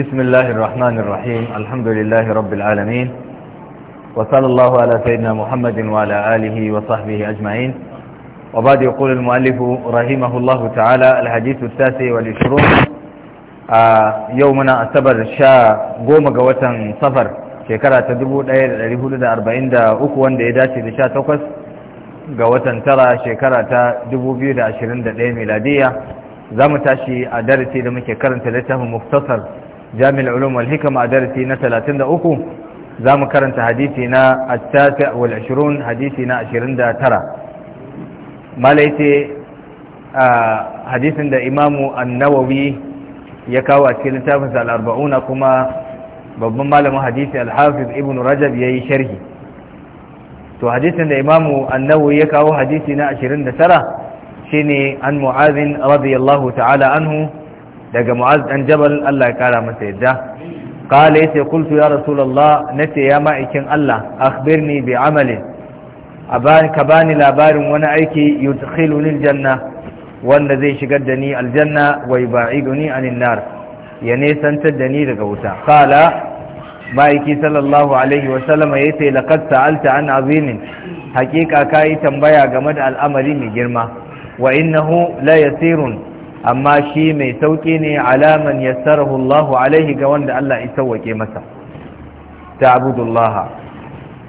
بسم الله الرحمن الرحيم الحمد لله رب العالمين وصلى الله على سيدنا محمد وعلى آله وصحبه أجمعين وبعد يقول المؤلف رحمه الله تعالى الحديث التاسع والعشرون يومنا السبر شاء قوم قوة صفر شكرا تدبو دائر الهود دا أربعين دا أكوان دا إداتي دا شاء توقس قوة ترى شكرا تدبو بيو دا عشرين دا ميلادية زامتاشي أدارتي لما شكرا تلتهم مختصر jami'ul ulum wal hikma darasi na 33 zamu karanta hadisi na at-tasi wal 20 hadisi na 29 malaiti hadisin da imamu an-nawawi ya kawo a cikin littafin al-arba'una kuma babban malamin hadisi al-hafiz ibn rajab yayi sharhi to hadisin da imamu an-nawawi ya kawo hadisi na 29 shine an mu'adhin radiyallahu ta'ala anhu daga mu'az dan jabal Allah ya kara masa yadda qala yace qultu ya rasulullah nace ya ma'aikin Allah akhbirni bi amali aban ka bani labarin wani aiki yudkhiluni aljanna wanda zai shigar da ni aljanna wa yubaiduni anin nar ya nesantar da ni daga wuta qala ma'aiki sallallahu alaihi wa sallama yace laqad sa'alta an azimin hakika kai tambaya game da al'amari mai girma wa innahu la yasirun amma shi mai sauƙi ne alaman yassarahu Allahu alaihi ga wanda Allah ya sauwake masa ta'budullaha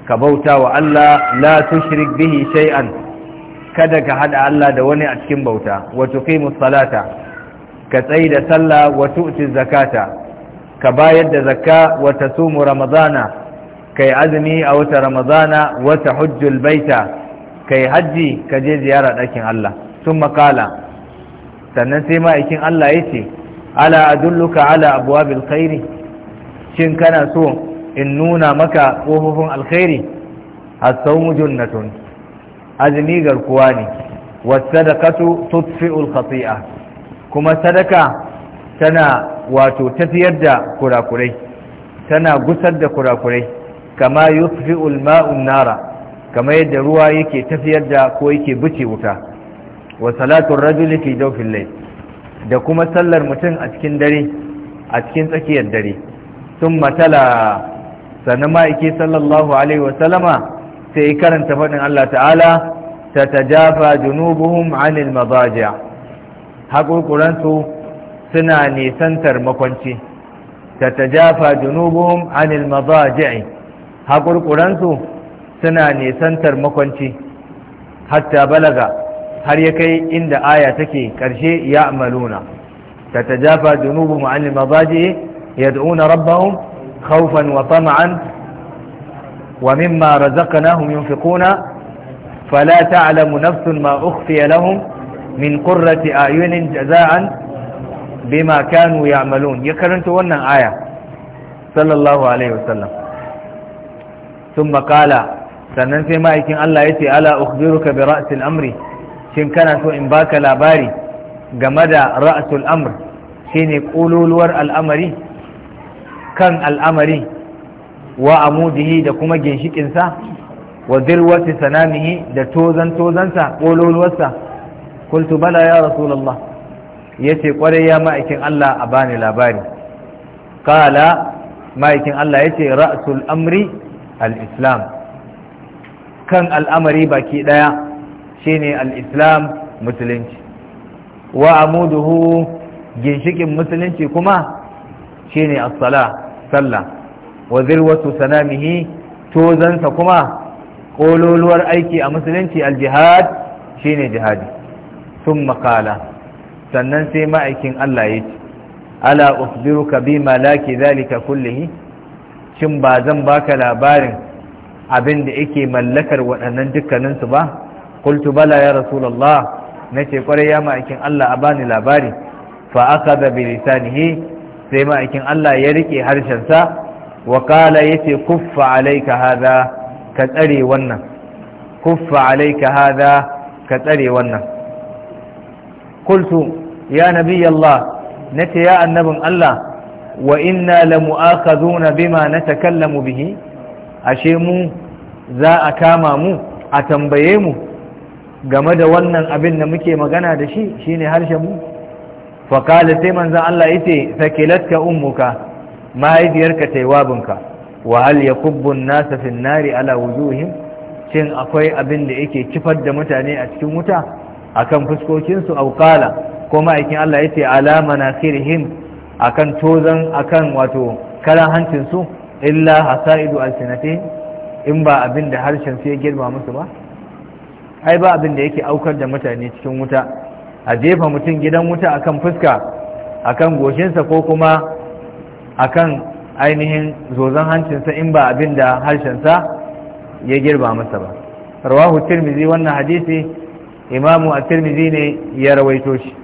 ka bauta wa Allah la tushrik bihi shay'an kada ka hada Allah da wani a cikin bauta wa tuqimu salata ka tsayi da sallah wa tu'ti zakata ka bayar da zakka wa tasumu ramadana kai azumi a wata ramadana wa tahujjul baita kai haji ka je ziyara ɗakin Allah sun makala sannan sai ma'aikin Allah ya ce ala adulluka ala abwabil khairi shin kana so in nuna maka ƙofofin alkhairi as-sawmu junnatun azmi garkuwa ne was-sadaqatu tudfi'u kuma sadaka tana wato tafiyar da kurakurai tana gusar da kurakurai kama yutfi'u al nara kamar yadda ruwa yake tafiyar da ko yake buce wuta wa salatun rajuli fi jawfil layl da kuma sallar mutum a cikin dare a cikin tsakiyar dare sun matala sannan ma'aiki sallallahu alaihi wasallama sai karanta faɗin Allah ta'ala ta tajafa junubuhum anil mazaja haƙurƙuransu suna nisantar makwanci ta tajafa junubuhum anil mazaji haƙurƙuransu suna nisantar makwanci hatta balaga har ya kai inda aya take karshe ya amaluna ta tajafa junubu mu'allim mazaji yad'una rabbahum khawfan wa tama'an wa mimma razaqnahum yunfiquna فلا تعلم نفس ما أخفي لهم من قرة أعين جزاء بما كانوا يعملون يكرنت ونن آية صلى الله عليه وسلم ثم قال سننسي ما يكن الله ala ukhbiruka bi ra'sil amri shin kana so in baka labari game da ra'asul amr shine ƙololuwar al'amari kan al'amari wa amudihi da kuma ginshikinsa wa dirwati sanamihi da tozan tozansa ƙololuwarsa kultu bala ya rasulullah ya ce ya ma'aikin Allah a bani labari kala ma'aikin Allah ya ce amri al-islam kan al'amari baki ɗaya shine al-islam musulunci wa amuduhu ginshikin musulunci kuma shine as-sala sallah wa zirwatu sanamihi tozansa kuma kololuwar aiki a musulunci al-jihad shine jihadi sun makala sannan sai ma'aikin Allah ya ce ala ukhbiruka bima laki zalika kullihi shin ba zan baka labarin abin da yake mallakar waɗannan dukkaninsu ba Kultu bala ya rasulullah nace kwarai ya ma'aikin Allah a bani labari fa akada bi lisanihi sai ma'aikin Allah ya rike harshen sa Wakala qala yace kuffa alayka hada ka tsare wannan kuffa alayka hada ka tsare wannan qultu ya nabiy Allah nace ya annabin Allah wa inna lamu'akhadhuna bima natakallamu bihi ashe mu za a kama mu a tambaye mu game da wannan abin da muke magana da shi shine harshen mu faƙali sai manzan Allah ya ce sakilatka ummuka mahaifiyarka ta yi wa hal ya kubbun nasa finnari ala wujuhin shin akwai abin da yake kifar da mutane a cikin wuta A kan fuskokinsu auƙala ko ma'aikin Allah ya ce alama na kan akan tozan kan wato kalan hancinsu illa hasaidu alsinatihim in ba abin da harshen sai ya girma musu ba ai ba abin da yake aukar da mutane cikin wuta a jefa mutum gidan wuta akan fuska akan goshinsa ko kuma akan ainihin zozon hancinsa in ba abin da harshensa ya girba masa ba rawahu tirmizi wannan hadisi imamu a tirmizi ne ya rawaito shi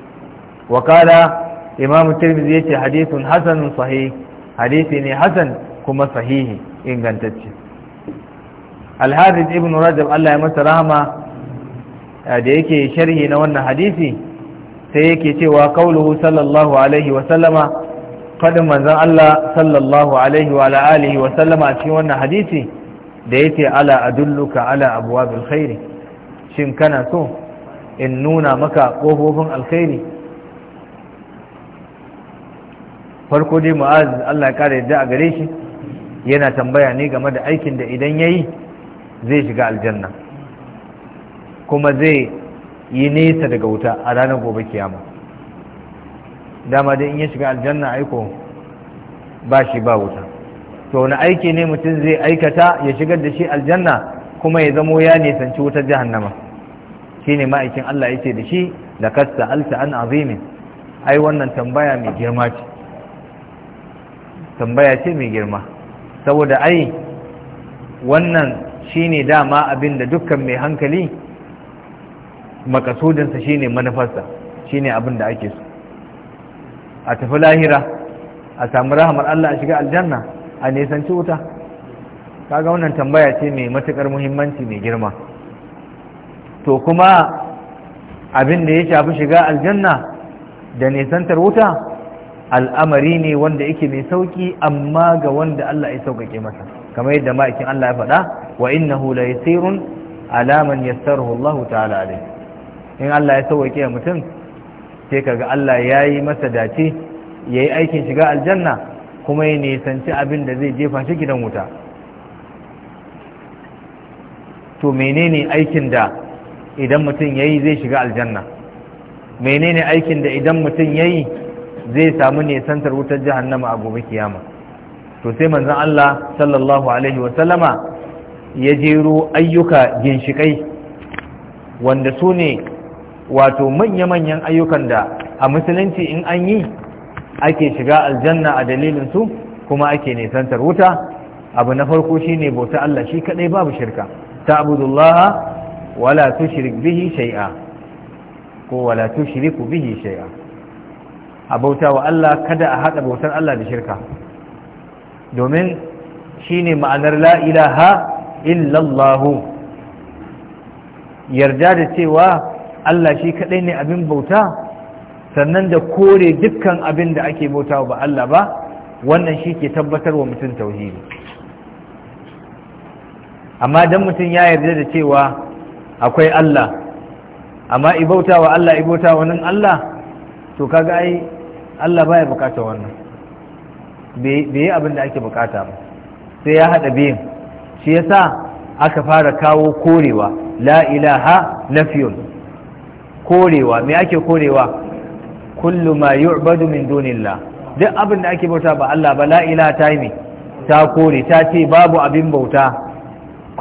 wakala imamu tirmizi ya ce hadisun hasanun sahi hadisi ne hasan kuma sahihi ingantacce alharis ibn rajab allah ya masa rahama da yake sharhi na wannan hadisi sai yake cewa kauluhu sallallahu alaihi wa sallama fadin manzon Allah sallallahu alaihi wa alihi wa sallama a cikin wannan hadisi da yake ala adulluka ala abwabil khairi shin kana so in nuna maka kofofin alkhairi farko dai mu'az Allah ya kare yadda a gare shi yana tambaya ne game da aikin da idan yayi zai shiga aljanna kuma zai yi nesa daga wuta a ranar gobe kiyama dama dai in ya shiga aljanna aiko ba shi ba wuta to wani aiki ne mutum zai aikata ya shigar da shi aljanna kuma ya zamo ya nisanci wutar jahannama ne ma'aikin Allah yake da shi da kasta alta an azimin ai wannan tambaya mai girma ce tambaya ce mai girma saboda ai wannan shi shine dama abin da dukkan mai hankali makasudinsa shine manufarsa shine abin da ake so a tafi lahira a samu rahamar Allah a shiga aljanna a nisanci wuta kaga wannan tambaya ce mai matukar muhimmanci mai girma to kuma abin da ya shafi shiga aljanna da nisantar wuta al'amari ne wanda yake mai sauki amma ga wanda Allah ya sauƙaƙe masa kamar yadda ma'aikin Allah ya faɗa wa innahu la yasirun alaman yassarahu Allah ta'ala alayhi in Allah ya sauwake mutum sai kaga Allah ya yi masa dace ya yi aikin shiga aljanna kuma ya nisanci abin da zai jefa shi gidan wuta to menene aikin da idan mutum ya yi zai shiga aljanna menene aikin da idan mutum ya yi zai samu nisantar wutar jahannama a gobe kiyama to sai manzan Allah sallallahu alaihi wasallama ya jero ayyuka ginshikai wanda su ne wato manya-manyan ayyukan da a musulunci in an yi ake shiga aljanna a dalilin su kuma ake nesantar wuta abu na farko shine bauta Allah shi kadai babu shirka ta'budullaha wala tushrik bihi shay'a ko wala tushriku bihi shay'a a bauta wa Allah kada a hada bautar Allah da shirka domin shine ma'anar la ilaha illallahu yarda da cewa Allah shi kaɗai ne abin bauta sannan da kore dukkan abin da ake bauta ba Allah ba wannan shi ke tabbatar wa mutum tauhidi amma don mutum ya yarda da cewa akwai Allah amma ibauta wa Allah ibauta wa nan Allah to kaga ai Allah baya bukata wannan bai yi abin da ake bukata ba sai ya haɗa biyun shi yasa aka fara kawo korewa la ilaha nafiyun korewa me ake korewa kullu ma yu'badu min dunillah duk abin da ake bauta ba Allah ba la ilaha ta yi ta kore ta ce babu abin bauta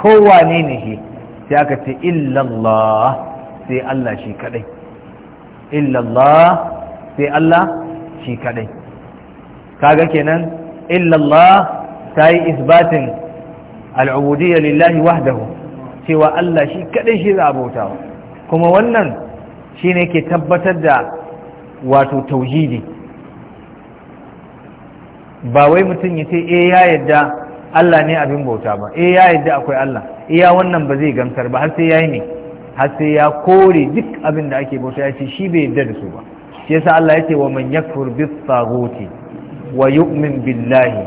kowane ne shi sai aka ce illallah sai Allah shi kadai illallah sai Allah shi kadai kaga kenan illallah ta yi isbatin al'ubudiyya lillahi wahdahu cewa Allah shi kadai shi za a bautawa kuma wannan shine ke tabbatar da wato tauhidi ba wai mutum ya ce eh ya yadda Allah ne abin bauta ba eh ya yadda akwai Allah iya eh, wannan ba zai gamsar ba har sai yayi ne har sai ya kore duk abin da ake bauta ya ce shi bai yadda da su ba shi yasa Allah ya ce wa man yakfur bis wa yu'min billahi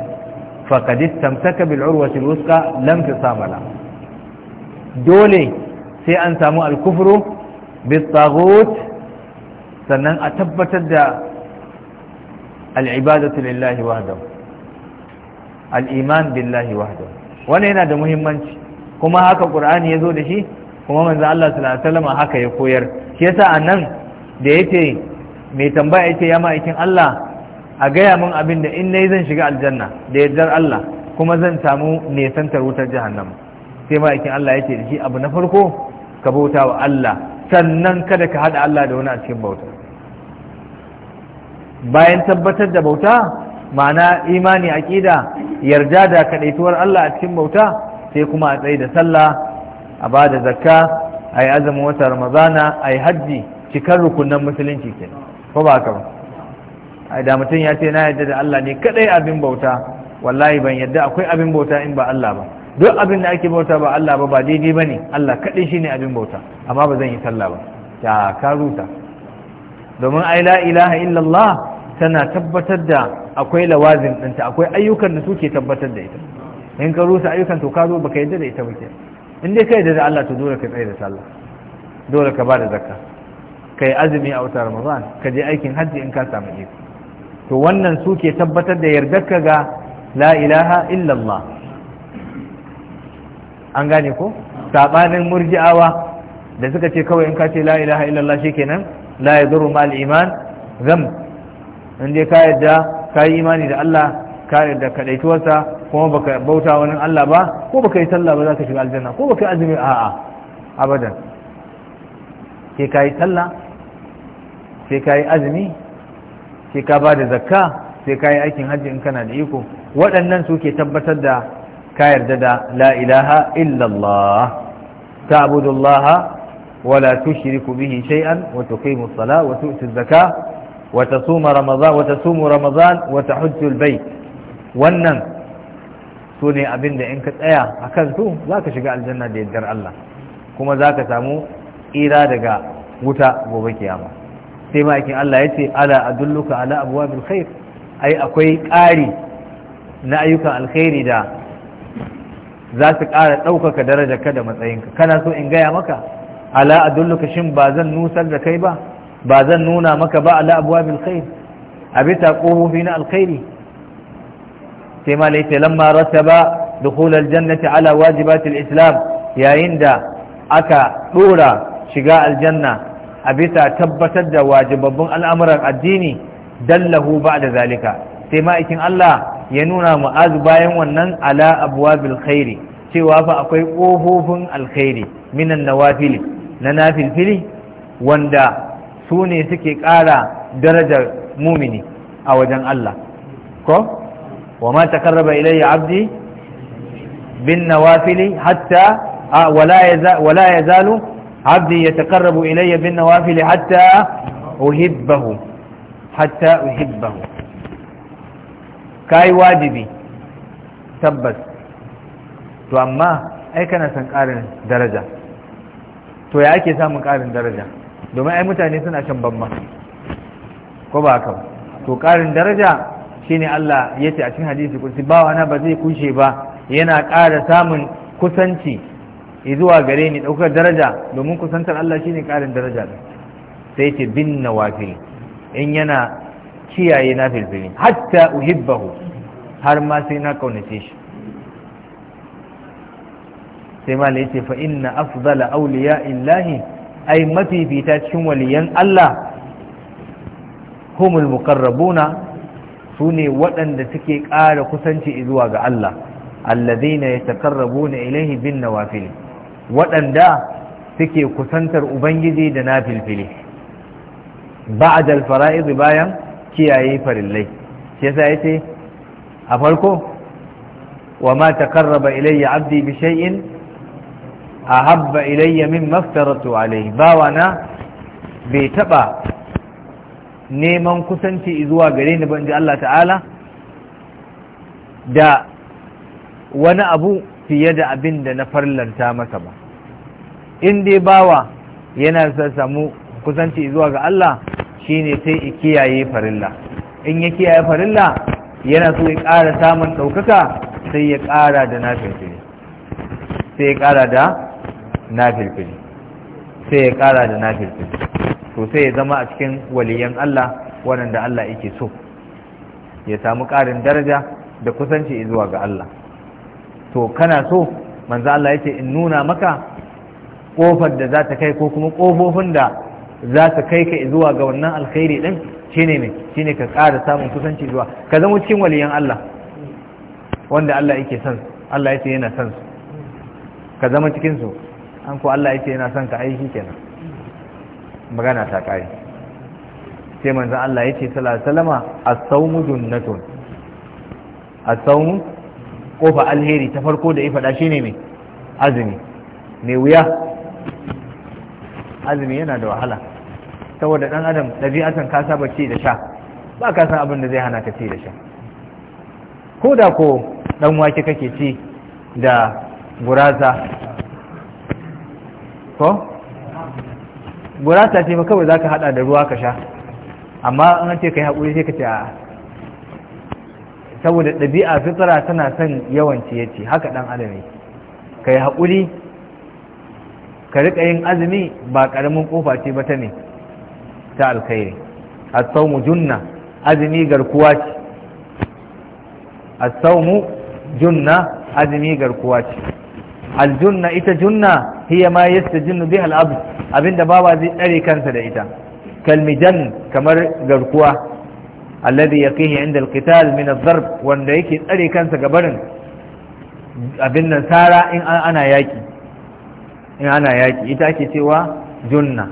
faqad istamsaka bil urwati al wuthqa lam tasamala dole sai an samu al kufru bisagot sannan a tabbatar da al'ibadatu lillahi wahdahu al'iman billahi wahdahu wannan yana da muhimmanci kuma haka ƙur'ani ya zo da shi kuma manzo Allah sallallahu alaihi haka ya koyar shi yasa anan da yake mai tambaya yake ya ma'aikin Allah a gaya min abin da in nayi zan shiga aljanna da yardar Allah kuma zan samu nesantar wutar jahannama sai ma'aikin Allah yake da shi abu na farko ka bauta wa Allah sannan kada ka haɗa Allah da wani a cikin bauta bayan tabbatar da bauta ma'ana imani aqida yarda da kaɗaituwar Allah a cikin bauta sai kuma a tsaye da sallah a ba da zakka a azumin watan ramazana a yi hajji cikar rukunan musulunci ke ko ba ka ba da mutum ya ce na yarda da Allah ne kadai abin bauta wallahi ban yarda akwai abin bauta in ba Allah ba duk abin da ake bauta ba Allah ba ba daidai ba ne Allah kaɗai shi ne abin bauta amma ba zan yi sallah ba ya ka ruta domin ai la ilaha illallah tana tabbatar da akwai lawazin ɗinta akwai ayyukan da suke tabbatar da ita in ka rusa ayyukan to ka zo baka yadda da ita muke. in dai ka yadda da Allah to dole ka tsaye da sallah dole ka ba da zakka ka yi azumi a wata ramadan ka je aikin hajji in ka samu iko to wannan suke tabbatar da yardarka ga la ilaha illallah an gane ko sabanin murji'awa da suka ce kawai in ka ce la ilaha illallah shikenan la yadurru ma'al iman gam in dai ka yadda ka yi imani da Allah ka yadda kadaituwarsa kuma baka bauta wani Allah ba ko baka yi sallah ba za ka shiga aljanna ko baka yi azumi a'a abadan sai ka yi sallah sai ka yi azumi sai ka ba da zakka sai ka yi aikin hajji in kana da iko waɗannan suke tabbatar da ka yarda da la ilaha illallah تعبد الله ولا تشرك به شيئا وتقيم الصلاة وتؤتي الزكاة وتصوم رمضان وتصوم رمضان وتحج البيت wannan sune abin da in ka tsaya a kansu za ka shiga aljanna da yardar Allah kuma za ka samu ira daga wuta gobe kiyama sai ma'aikin Allah ya ce ala adulluka ala abuwa khair ai akwai ƙari na ayyukan alkhairi da za su ƙara ɗaukaka ka da matsayinka kana so in gaya maka ala adulluka shin ba zan nusar da kai ba ba zan nuna maka ba ala abwabil khair a bisa ƙofofi na alkhairi sai ma laita lamma rattaba dukhul aljannati ala wajibatil islam yayin da aka dora shiga aljanna a bisa tabbatar da wajibabbun al'amuran addini dallahu ba'da zalika sai aikin Allah ya nuna mu'az bayan wannan ala abwabil khairi cewa fa akwai kofofin alkhairi minan wafili na nafilfili wanda su ne suke ƙara darajar mumini a wajen Allah ko wa ma takarraba ilayya abdi bin nawafili hatta wala ya يزال عبدي يتقرب إلي بالنوافل حتى أحبه hatta uHibbahu. ka yi wajibi tabbas to amma ai kana san ƙarin daraja to ya ake samun ƙarin daraja domin ai mutane suna shan bamma ko ba haka to ƙarin daraja shine Allah ya ce a cikin hadisi kursi ba wani ba zai kushe ba yana ƙara samun kusanci zuwa gare ni ɗaukar daraja domin kusantar Allah shine ƙarin daraja sai ce bin nawafil in yana kiyaye na filfili hatta uhibbahu har ma sai na kaunace shi sai ma yace fa inna afdala awliya illahi ai mafifita cikin waliyan Allah humul muqarrabuna sune waɗanda suke ƙara kusanci zuwa ga Allah alladhina yatakarrabuna ilayhi bin nawafil waɗanda suke kusantar ubangiji da nafilfili ba'da al-fara'id bayan kiyaye farillai shi yasa yace a farko wa ma taqarraba ilayya abdi bi shay'in ahabba ilayya mimma aftaratu alayhi na bai taba neman kusanci zuwa gare ni banji Allah ta'ala da wani abu fiye da abin da na farlanta masa ba in dai bawa yana sa samu kusanci zuwa ga Allah shine sai i kiyaye farilla in ya kiyaye farilla yana so ya ƙara samun ɗaukaka sai ya ƙara da nafirfiri sai ya ƙara da nafirfiri sai ya ƙara da nafirfiri to sai ya zama a cikin waliyan Allah waɗanda Allah yake so ya samu ƙarin daraja da kusanci zuwa ga Allah to kana so manzo Allah yace in nuna maka ƙofar da za ta kai ko kuma ƙofofin da za su kai ka zuwa ga wannan alkhairi ɗin shine ne ne ka ƙara samun kusanci zuwa ka zama cikin waliyan Allah wanda Allah yake son Allah yake yana son su ka zama cikin su an ko Allah yake yana son ka aiki kenan magana ta kai sai manzo Allah yake sallallahu alaihi wasallama as-sawmu junnatun as-sawmu kofa alheri ta farko da ya faɗa shine mai azumi me wuya azumi yana da wahala saboda dan adam ɗabi'atan ka saba ci da sha ba ka san abin da zai hana ka ci da sha ko da ko dan wake kake ci da gurasa ko gurasa ce fa kawai zaka hada da ruwa ka sha amma an ce kai hakuri sai ka ce a saboda ɗabi'a fitsara tana son yawan ya ci haka ɗan adam ka yi haƙuri ka riƙa yin azumi ba ƙaramin ƙofa ce ba ta ne ta alkhairi as junna azumi garkuwa ce as junna azumi garkuwa ce aljunna ita junna hiya ma yastajinnu biha al-abd abinda bawa zai tsare kansa da ita kalmijan kamar garkuwa alladhi yaqihi inda al-qital min wanda yake tsare kansa ga barin abin nan sara in ana yaki in ana yaki ita ake cewa junna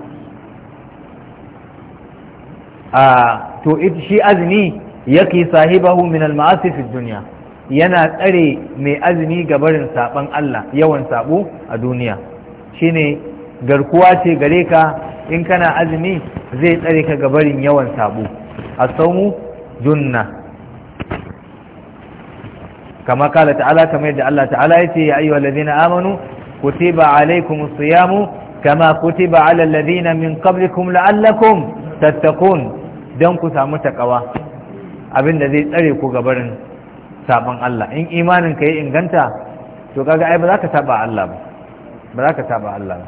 to shi azumi yaki sahibahu min al duniya yana tsare mai azumi ga barin saban Allah yawan saɓo a duniya shine garkuwa ce gare ka in kana azumi zai tsare ka ga barin yawan sabo as-sawmu junna kama kala ta'ala kamar yadda Allah ta'ala ya ce ya ayyuhal ladina amanu kutiba alaykumus siyamu kama kutiba alal ladina min qablikum la'allakum tattakun don ku samu takawa abin da zai tsare ku gabarin sabon Allah in imanin ka yi inganta to kaga ai ba za ka saba Allah ba ba za ka saba Allah ba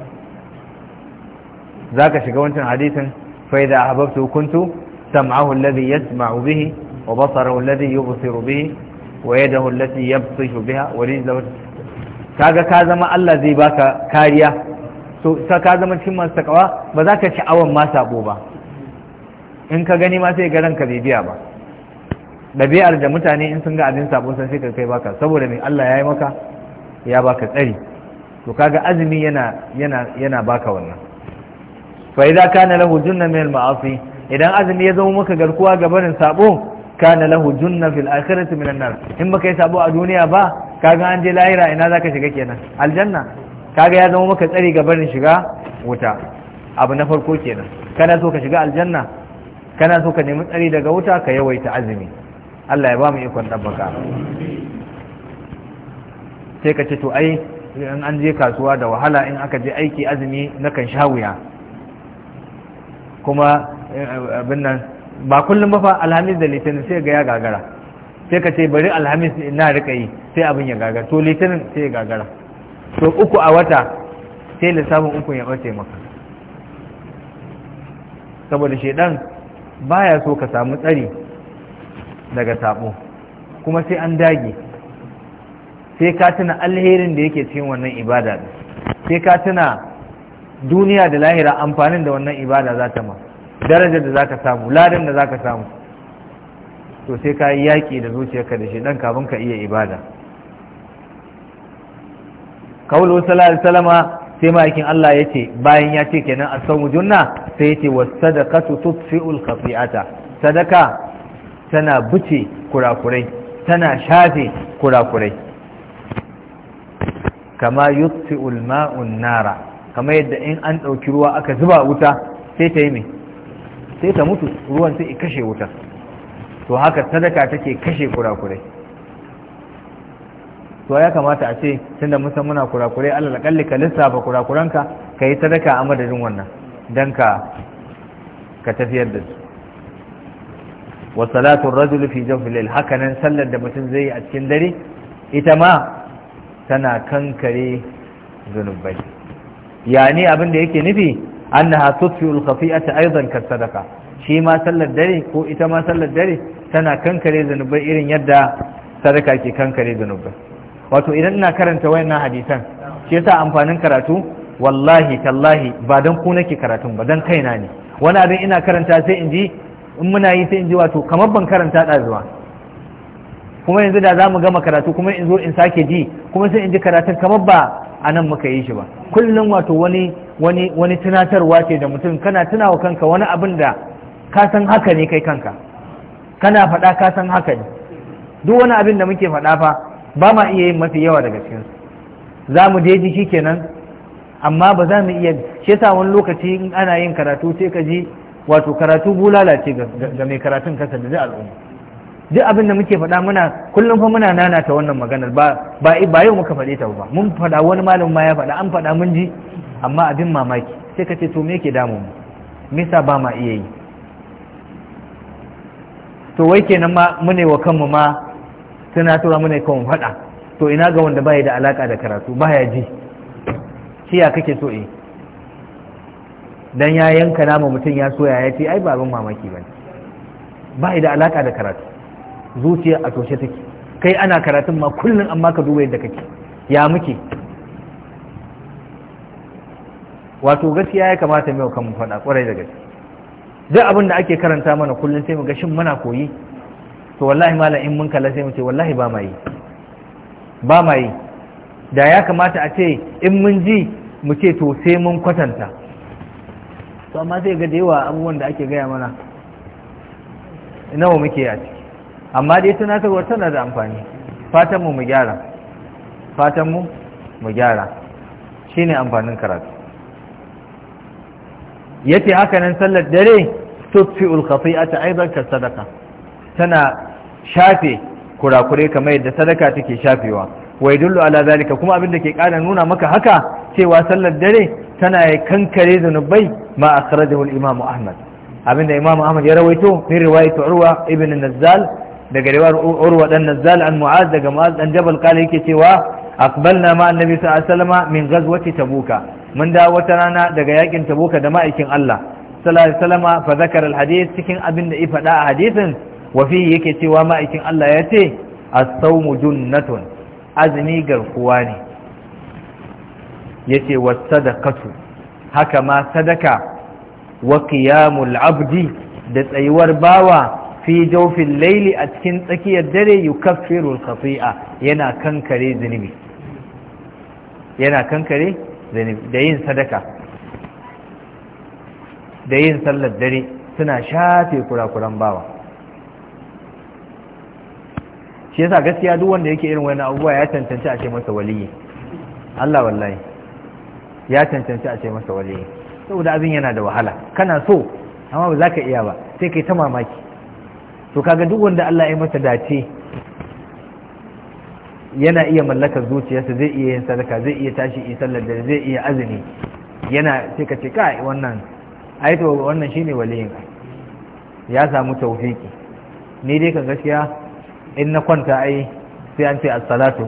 za ka shiga wancan hadisin fa idza ahbabtu kuntu sam'ahu alladhi yasma'u bihi wa basarahu alladhi yubsiru bihi wa yadahu allati yabtishu biha wa rijluhu kaga ka zama Allah zai baka kariya to ka zama cikin masu takawa ba za ka ci awon ma sabo ba in ka gani ma sai ga ranka bai biya ba ɗabi'ar da mutane in sun ga abin sabon sai ka kai baka saboda mai Allah ya yi maka ya baka tsari to kaga azumi yana yana yana baka wannan fa idza kana lahu junna min al-ma'asi idan azumi ya zama maka garkuwa ga barin sabo kana lahu junna fil akhirati min an-nar in baka yi sabo a duniya ba kaga an je lahira ina zaka shiga kenan aljanna kaga ya zama maka tsari ga barin shiga wuta abu na farko kenan kana so ka shiga aljanna kana so ka nemi tsari daga wuta ka yawaita azumi Allah ya ba mu ikon ɗabbaka sai ka ce to ai in an je kasuwa da wahala in aka je aiki azumi na kan sha wuya kuma eh, abin nan ba kullum ba fa alhamis da litinin sai ga ya gagara sai ka ce bari alhamis na rika yi sai abin ya gagara to litinin sai ya gagara to uku a wata sai lissafin uku ya ɓace maka saboda shaidan baya so ka samu tsari daga sabo kuma sai an dage sai ka tuna alherin da yake cikin wannan ibada sai ka tuna duniya da lahira amfanin da wannan ibada za ta ma darajar da za ka samu ladan da za ka samu to sai ka yi yaƙi da zuciyarka da shi dan kafin ka iya ibada kawul sallallahu alaihi wasallama sai ma'aikin Allah ya ce bayan ya ce kenan a sau junna sai ya ce wa sadaka su tutfi'ul ata. sadaka tana buce kurakurai tana shafe kurakurai kama yutfi'ul ma'un nara kama yadda in an ɗauki ruwa aka zuba wuta sai ta yi mai sai ta mutu ruwan sai kashe wuta to haka sadaka take kashe kurakurai to ya kamata a ce tunda mun san muna kurakure alal kalli ka lissafa kurakuranka ka yi sadaka a madadin wannan dan ka ka tafiyar da su wa salatu ar-rajul fi jawfil al hakanan sallar da mutum zai yi a cikin dare ita ma tana kankare zunubai yani abin da yake nufi annaha tudfi al-khafi'ata aidan ka sadaka shi ma sallar dare ko ita ma sallar dare tana kankare zunubai irin yadda sadaka ke kankare zunubai wato idan ina karanta wayannan hadisan shi yasa amfanin karatu wallahi tallahi ba dan ku nake karatun ba dan kaina ne wani abin ina karanta sai in ji in muna yi sai in ji wato kamar ban karanta ɗazuwa kuma yanzu da za mu gama karatu kuma in zo in sake ji kuma sai in ji karatun kamar ba a nan muka yi shi ba kullum wato wani wani wani tunatarwa ce da mutum kana tunawa kanka wani abin da ka san haka ne kai kanka kana faɗa ka san haka ne duk wani abin da muke faɗa fa ba ma iya yin mafi yawa daga cikin su za mu jiki jiki kenan amma ba za mu iya shi yasa wani lokaci in ana yin karatu sai ka ji wato karatu bulala ce ga mai karatun kasa da al'umma duk abin da muke faɗa muna kullum fa muna nana ta wannan maganar ba ba yau muka faɗe ta ba mun faɗa wani malamin ma ya faɗa an faɗa mun ji amma abin mamaki sai ka ce to me yake damu mu misa ba ma iya yi to wai kenan ma mune wa kanmu ma Suna tunatarwa mana kawai faɗa to ina ga wanda baya da alaƙa da karatu baya ji shi ya kake so yi. Eh? dan ya yanka nama mutum ya soya ya ce ai ba abin mamaki ba ba da alaƙa da karatu zuciya a toshe take kai ana karatun ma kullum amma ka duba yadda kake ya muke wato gaskiya ya kamata mai kan mu faɗa kwarai da gaske duk abin da ake karanta mana kullum sai mu ga shin muna koyi to wallahi malam in mun kalla sai mu ce wallahi ba ma yi ba ma yi da ya kamata a ce in mun ji mu ce to sai mun kwatanta to amma sai ga da yawa abubuwan da ake gaya mana nawa muke a ciki amma dai tunatarwar tana da amfani fatanmu mu gyara fatanmu mu gyara shine amfanin karatu yace haka nan sallar dare tutfi'ul khati'ata aidan ka sadaka tana shafe kurakure kamar yadda sadaka take shafewa wai dullu ala zalika kuma abin da ke kara nuna maka haka cewa sallar dare tana yi kankare zunubai ma akhrajahu al-imam ahmad abin da imam ahmad ya rawaito min riwayatu urwa ibn nazzal daga riwayar urwa dan nazzal an mu'az daga mu'az dan jabal kala yake cewa aqbalna ma annabi sallallahu alaihi wasallam min ghazwati tabuka mun da wata rana daga yakin tabuka da ma'aikin Allah sallallahu fa cikin abin da ya faɗa a hadisin wafi yake cewa ma'aikin Allah ya ce as-sawmu junnatun azumi garkuwa ne yace was-sadaqatu haka ma sadaka wa qiyamul abdi da tsayuwar bawa fi jawfil laili a cikin tsakiyar dare yukaffiru al-khati'a yana kankare zunubi yana kankare da yin sadaka da yin sallar dare suna shafe kurakuran bawa shi yasa gaskiya duk wanda yake irin wani abubuwa ya cancanci a ce masa waliyi Allah wallahi ya cancanci a ce masa waliyi saboda abin yana da wahala kana so amma ba za ka iya ba sai kai ta mamaki to kaga duk wanda Allah ya masa dace yana iya mallakar zuciyarsa zai iya yin sadaka zai iya tashi yi sallar da zai iya azumi yana sai ka ce kai wannan ai to wannan shine waliyin ya samu tawfiki ni dai kan gaskiya in na kwanta ai sai an ce assalatu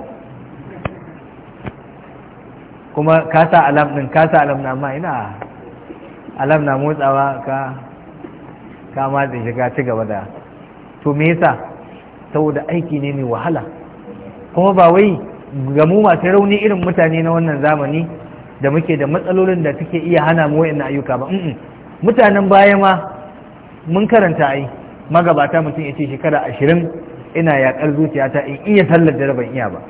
kuma ka sa alam din ka sa alam na amma ina alam na motsawa ka ka matse shi ci gaba da to me yasa saboda aiki ne mai wahala kuma ba wai ga mu masu rauni irin mutane na wannan zamani da muke da matsalolin da suke iya hana mu wayannan ayyuka ba mutanen baya ma mun karanta ai magabata mutum ya ce shekara ashirin ina yaƙar zuciyata in iya tallar da ban iya ba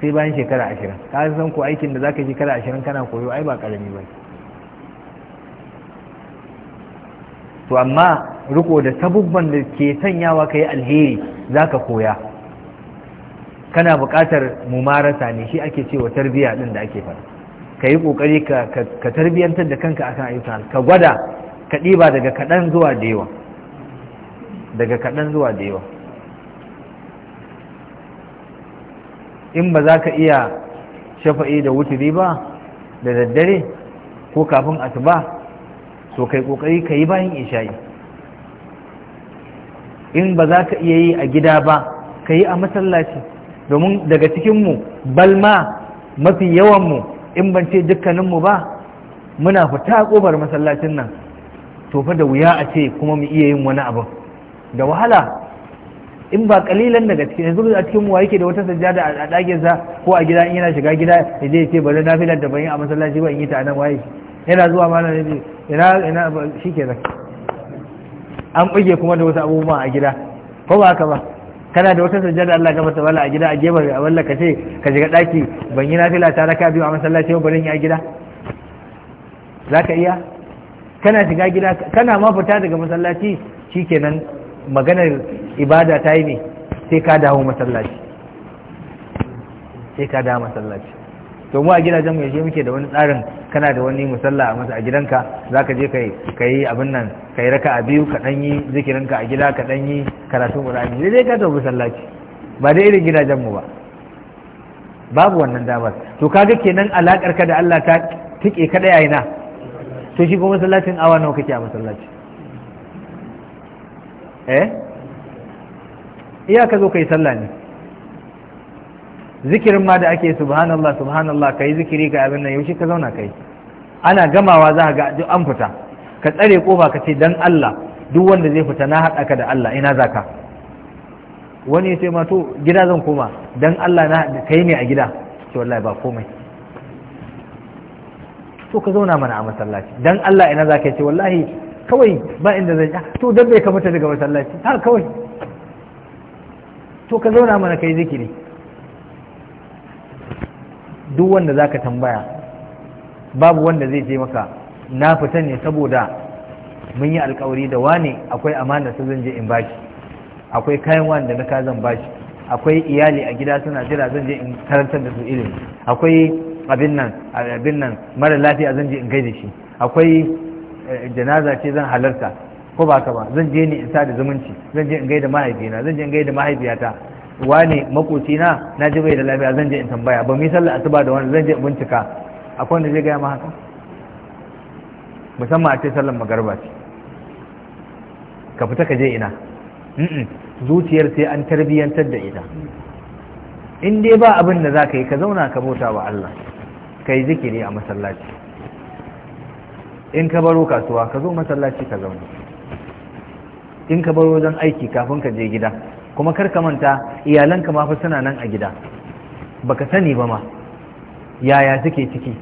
sai bayan shekara ashirin ka san ko aikin da zaka shekara ashirin kana koyo ai ba ƙarami ba to amma riko da sabubban da ke sanyawa ka yi alheri zaka koya kana buƙatar mumarasa ne shi ake cewa tarbiyya din da ake fara ka yi ƙoƙari ka tarbiyyantar da kanka akan ayyuka ka gwada ka ɗiba daga kaɗan zuwa da yawa daga kaɗan zuwa da yawa in ba za ka iya shafa'i da wuturi ba da daddare ko kafin asuba to kai kokari ka yi bayan isha'i in ba za ka iya yi a gida ba ka yi a masallaci domin daga cikinmu balma mafi yawanmu in ban ce dukkaninmu ba muna fita ƙofar masallacin nan to fa da wuya a ce kuma mu iya yin wani abu da wahala in ba kalilan daga cikin yanzu a cikin wa yake da wata sajjada a ɗakin sa ko a gida in yana shiga gida ya je ya ce bari nafilar da bayin a masallaci ba in yi ta nan waye yana zuwa mana ne ina ina shi ke nan an buge kuma da wasu abubuwa a gida ko ba haka ba kana da wata sajjada Allah ka mata wala a gida a gefe a walla ka ce ka shiga ɗaki ban yi nafila ta raka biyu a masallaci ba bari in yi a gida za ka iya kana shiga gida kana ma fita daga masallaci shikenan maganar ibada ta yi ne sai ka dawo masallaci sai ka dawo masallaci to mu a gidajen mu yaje muke da wani tsarin kana da wani musalla a masa a gidanka zaka je kai kai abin nan kai raka a biyu ka dan yi zikirinka a gida ka dan yi karatun Qur'ani sai dai ka dawo masallaci ba dai irin gidajen mu ba babu wannan damar to kaga kenan alakar ka da Allah ta tike ka da yayina to shi kuma masallacin awa nawa kake a masallaci eh iya ka zo ka yi sallah ne zikirin ma da ake subhanallah subhanallah ka yi zikiri ka abin nan yaushe ka zauna ka yi ana gamawa za ga duk an fita ka tsare kofa ka ce dan Allah duk wanda zai fita na haɗa ka da Allah ina za ka wani ya ce ma to gida zan koma dan Allah na ka yi ne a gida ce wallahi ba komai to ka zauna mana a masallaci dan Allah ina za ka ce wallahi kawai ba inda zan ah, to dan bai ka fita daga masallaci har kawai to ka zauna mana kai zikiri duk wanda za ka tambaya babu wanda zai ce maka na fita ne saboda mun yi alkawari da wane akwai amana su zan je in bashi akwai kayan wanda na ka zan bashi akwai iyali a gida suna jira zan je in karantar da su ilimi akwai abin nan abin nan mara lafiya zan je in gaida shi akwai eh, janaza ce zan halarta ko ba ka ba zan je ni in sa da zumunci zan je in gaida mahaifina zan je in gaida mahaifiyata wane makoci na na ji bai da lafiya zan je in tambaya ba mi sallah asuba da wani zan je in bincika akwai wanda zai gaya ma haka musamman a ce sallan magarba ce ka fita ka je ina zuciyar sai an tarbiyyantar da ita in dai ba abin da za ka yi ka zauna ka bauta wa Allah ka yi zikiri a masallaci in ka baro kasuwa ka zo masallaci ka zauna in ka bar wajen aiki kafin ka je gida kuma kar ka manta iyalanka ma fa suna nan a gida baka sani ba ma yaya suke ciki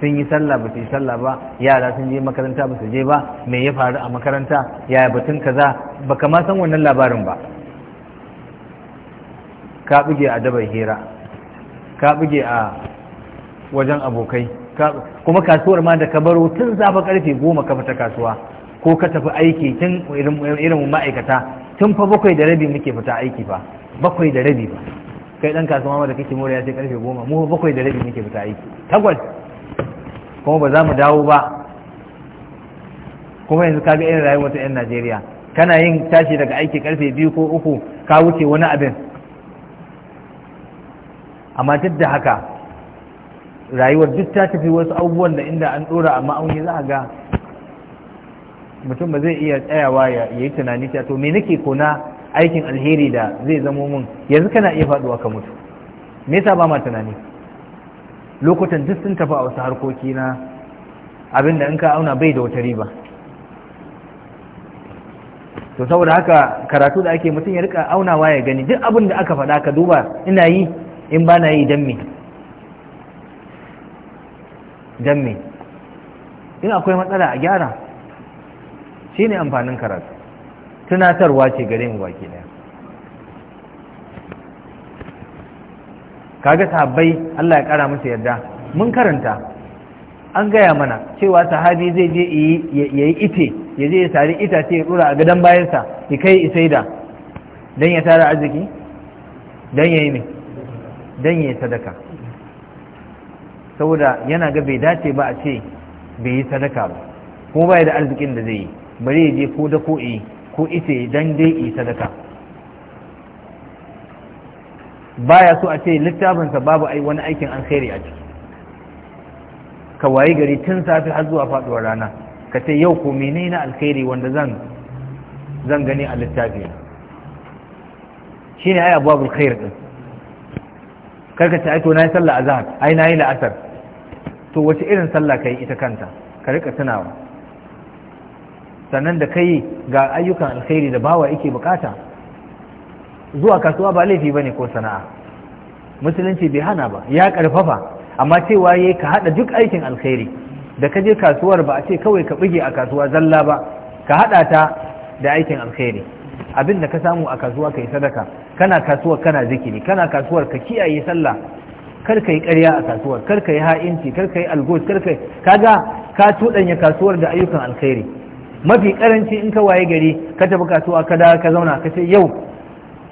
sun yi sallah ba su yi sallah ba yara sun je makaranta ba su je ba me ya faru a makaranta yaya batun kaza baka ma san wannan labarin ba ka buge a dabar hira ka buge a wajen abokai kuma kasuwar ma da ka baro tun zafa karfe goma ka fita kasuwa ko ka tafi aiki tun irin ma'aikata tun fa bakwai da rabi muke fita aiki fa bakwai da rabi ba kai dan kasuwa ma da kake mora ya ce karfe goma mu bakwai da rabi muke fita aiki takwas kuma ba za mu dawo ba kuma yanzu ka ga irin rayuwar ta yan Najeriya kana yin tashi daga aiki karfe biyu ko uku ka wuce wani abin amma duk da haka rayuwar duk ta tafi wasu abubuwan da inda an dora amma an yi za a ga mutum ba zai iya tsayawa ya yi tunani ta to me nake kona aikin alheri da zai zamo mun yanzu kana iya faduwa ka mutu me yasa ba ma tunani lokutan duk sun tafi a wasu harkoki na abin da in ka auna bai da wata riba to saboda haka karatu da ake mutum ya rika aunawa ya gani duk abin da aka faɗa ka duba ina yi in ba na yi dan me dan me in akwai matsala a gyara Shi ne amfanin karatu tunatarwa ce gare mu baki daya kaga sahabbai Allah ya kara musu yarda mun karanta an gaya mana cewa sahabi zai je ya yi ite ya je ya itace ya dura a gadon bayansa ya kai isaida don ya tara arziki don ya yi ne don ya yi sadaka saboda yana ga bai dace ba a ce bai yi sadaka ba kuma bai da arzikin da zai yi bari ya je ko da eh, ko e ko ise dan dai yi sadaka baya so a ce littafinsa babu ai wani aikin an khairi a ciki ka wayi gari tun safi har zuwa faduwar rana ka ce yau ko menene alkhairi wanda zan zan gani a littafi shine ai abwabul khair din karka ce ai to nayi sallah azhar ai nayi la'asar to wace irin sallah kai ita kanta ka rika tunawa sannan da kai ga ayyukan alkhairi da bawa yake bukata zuwa kasuwa ba laifi bane ko sana'a musulunci bai hana ba ya karfafa amma cewa yayi ka hada duk aikin alkhairi da ka je kasuwar ba a ce kawai ka bige a kasuwa zalla ba ka hada ta da aikin alkhairi Abinda ka samu a kasuwa kai sadaka kana kasuwa kana zikiri kana kasuwar ka kiyaye sallah kar ka yi ƙarya a kasuwar kar ka yi ha'inci kar ka yi algos kar ka kaga ka tuɗanya kasuwar da ayyukan alkhairi mafi karanci in ka waye gari ka tafi kasuwa ka ka zauna ka ce yau